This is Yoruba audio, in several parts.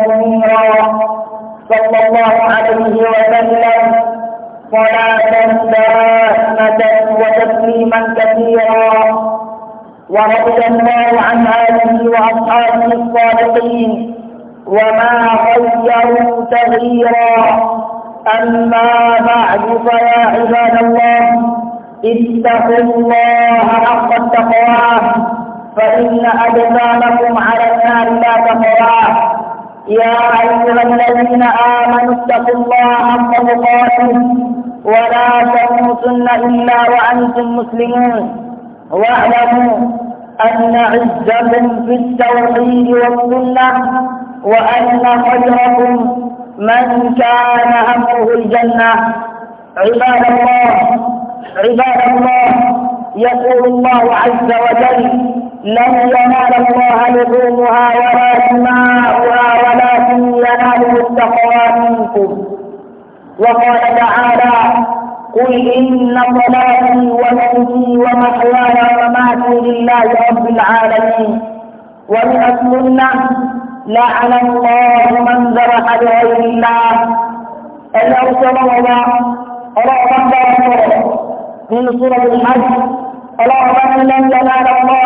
منيرا صلى الله عليه وسلم صلاة دائمة وتسليما كثيرا ورضي الله عن آله وأصحابه الصالحين وما غيروا تغييرا أما بعد فيا عباد الله اتقوا الله حق التقوى فإن أجسامكم على النار لا تقواه يا أيها الذين آمنوا اتقوا الله حق تقاته ولا تموتن إلا وأنتم مسلمون واعلموا أن عزكم في التوحيد والسنة وأن خيركم من كان أمره الجنة عباد الله عباد الله يقول الله عز وجل لن ينال الله لحومها ولا دماؤها ولكن يناله التقوى منكم وقال تعالى قل إن صلاتي ونفسي ومحياي ومماتي لله رب العالمين ومن أصل لعن الله من ذبح لغير الله أنه سبحانه الله أكبر من سورة الحج الله لن ينال الله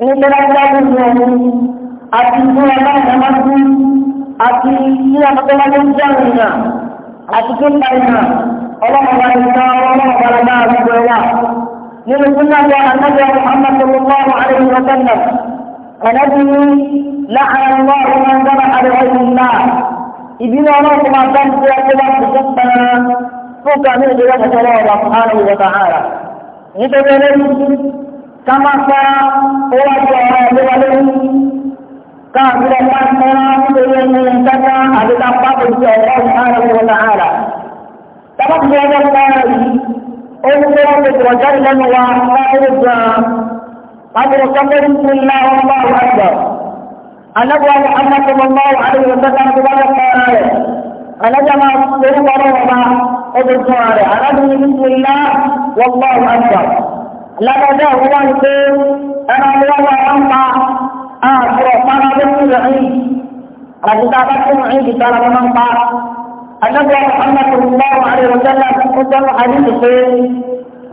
nígbàgbọ́ gbogbo àti fún aláìsàmájú àti ní àpapọ̀lọ́gbọ́ jáwé náà àti tó ń parí náà ọlọ́mọba ìta ọlọ́mọba ìta àgbègbè wa nínú súnmọ́ àtàjọ muhammad sallallahu alayhi wa sallam ọ̀nàbí ní láàárín wa ọmọ ìjọba àdéhùn kama pa owó àti ọ̀rọ̀ ìléwọlé káàkiri ọ̀pá ìpẹ́rẹ́ nítorí ẹni ìtẹ́ta àdúgbà pápọ̀ sí ọ̀rọ̀ ìhàrẹ̀ wọn láàrà. Tọ́pọ̀ tí wọ́n wọ́n lára yìí, ó ń gbé wọn gbèsè wọ́n jáde lẹ́nu wa láàrú gan-an. Pàtàkì sọ́kọ́ ńlá wọn bá wà gbà. Anábọ̀ àwọn amákọ̀mọ́ bá wà ní ìwọ̀n tẹ́ta tó bá lọ pẹ́ra rẹ̀. Anájà máa torí wọn lọ́wọ́ bá ó ti sọ rẹ̀. Anábìyí ní ńlá wọn bá wà gbà lábàjá àwọn wá ń pé ẹnà ọlọ́wọ́ àwọn pa ààbọ̀ pàrọ̀ lókùn rẹ̀ ń àjùdá bá tún ń bí tọ́lá wọn ń pa àjọ́gbọ́ ọmọkùnrin lọ́wọ́ àríwọ̀jọ́lá tó jọ́lá àdíjì pé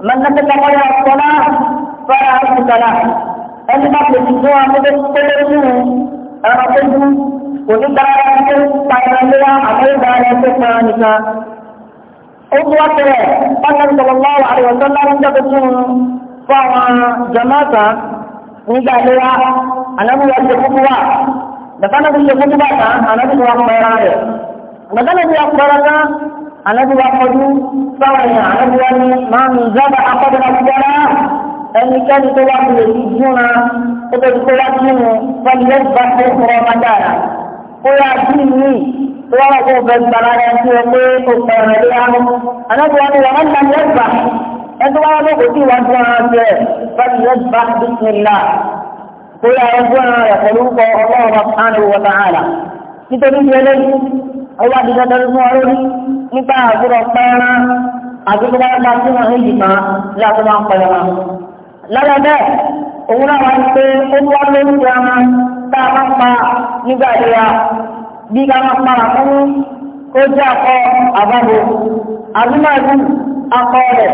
mẹ́lẹ́kẹ́ta wọ́n yà sọ́lá fẹ́ra ìtọ́lá ẹni bá pè sí fún àwọn pélé fún ẹ̀rọ tó dún kò ní gbára tó pa ìrànlọ́wọ́ àbẹ́gbà rẹ̀ tó pa nìkan. ó tún wá tẹ̀lẹ̀ pátá ìtọ́lọ́wọ́ àríwọ̀jọ́lá ń jẹ́ fáwọn jamaata nígbà léra anábìwá ṣe kúkúwà dàtànàbí ṣe kúkúwà kan anábìwá pẹ́ra rẹ̀ dàtànàbíwá pẹ́ra kan anábìwá kọjú fáwọn èèyàn anábìwá ni máa ń jábà akọ́dọ̀lá gbọ́dá ẹnikẹ́ni tó wá fi lè fi dúnra ó tó ti kó wá sínú fọlẹ́ bá tó kúrọ́ bá dára ó yá di mi tó wá wọ́n kó bẹ́ẹ̀ gbàlára ẹni tó yẹ pé ó pẹ̀rẹ̀ lé ẹni wá lóko tí wọ́n tún ara jẹ bẹ́ẹ̀ yẹ bá bísímìlá kó yà wọ́n tún ara rẹ̀ pẹ̀lú kọ ọlọ́run subhanahu wa ta'ala nítorí ti ẹlẹ́yìn ọwọ́ àdìgbà tẹ̀lé fún ọ lórí nípa àbúrò pẹ́ẹ́rán àbúrò pẹ́ẹ́rán tí wọ́n yìí máa láti máa ń pẹ́ẹ́rán. lára bẹ́ẹ̀ òun náà wá ń pé lórí ti ọmọ tá a máa pa nígbà ìlera bí ká máa pa àkúrú ó jẹ́ akọ àbábo àbúmọ̀ akọ rẹ̀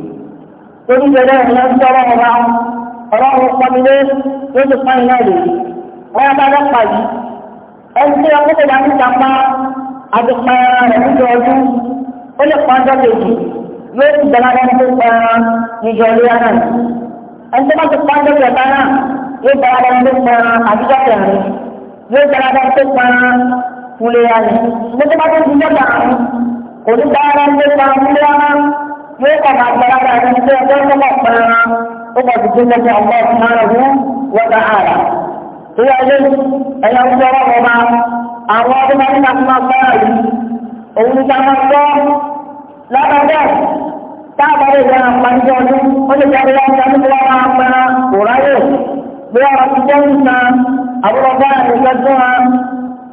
torí bẹ̀rẹ̀ ìlànà sí ọlọ́run bá ọlọ́run pọ́nilé ló ti pọ́n iná rèé wọ́n yá bá lọ́ pa yìí ẹni tí wọ́n kókò bá ń ta pa àtùpà rẹ̀ níjọ ọdún ó lè pọ́n ọjọ́ kejì yóò ti bẹ̀rẹ̀ lọ́wọ́ tó pa níjọ ọlọ́yà náà ẹni tó yóò kàmá àgbàlá bá ẹni tó ẹgbẹ́ tó mọ̀ pẹ̀lú ó bá ti dé lọ́jọ́ ọgbà ọ̀sán rẹ̀ wọ́n wọ́n dá àrà. Ìyá ilé ẹ̀yà ń sọ̀rọ̀ wọn máa àwọn ọdún máa ń ta fún agbára yìí. Òun ni táwọn gbọ́ lábàbẹ̀ táàbà lè yára ọdún ó lè jáde láti ọdún tó máa pẹ̀lú òráyè. Bí ọ̀rọ̀ ti jẹ́ ìta àbúrò bá ẹ̀rọ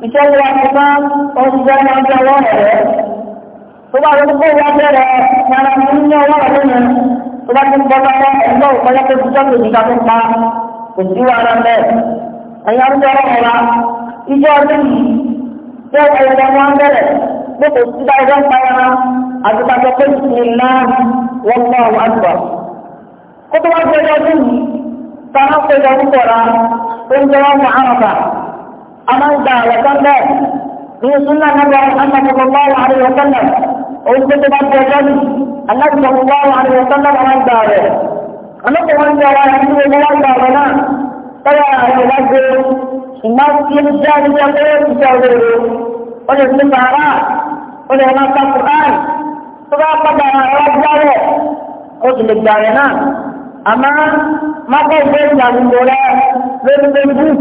ìjọ́jú tó bá wọn kó wá bẹ̀rẹ̀ ara mi ní ọwọ́ rẹ̀ lónìí tó bá ti ń bọ́ lọ́wọ́ ẹgbẹ́ òkọjá tó ti sọ́kè nígbà tó pa kò sí wa ara mẹ́ ẹ̀yin arúgbó ọlọ́run wa ijó ọdún yìí tó ẹ̀yẹ wọn bẹ̀rẹ̀ pé kò sí dáadọ́ ń pa ara àti pàṣẹ pé ní náà wọ́n nínú súnà Nabi Muhammad sallallahu alaihi wa sallam òun tó tó bá jẹ lọ́nù Annabi sallallahu alaihi wa sallam àwọn ìgbà rẹ̀ ọlọ́pàá wọn jẹ ara ẹni tó wọ́n gbà rẹ̀ náà tọ́lá àwọn ìwà gbé ṣùgbọ́n tí ó jẹ́ ní ọjọ́ tó jẹ́ olóore ó lè fi bàárà ó lè máa Quran tó bá padà ọ̀rọ̀ gbáwọ̀ ó sì lè gbà rẹ̀ náà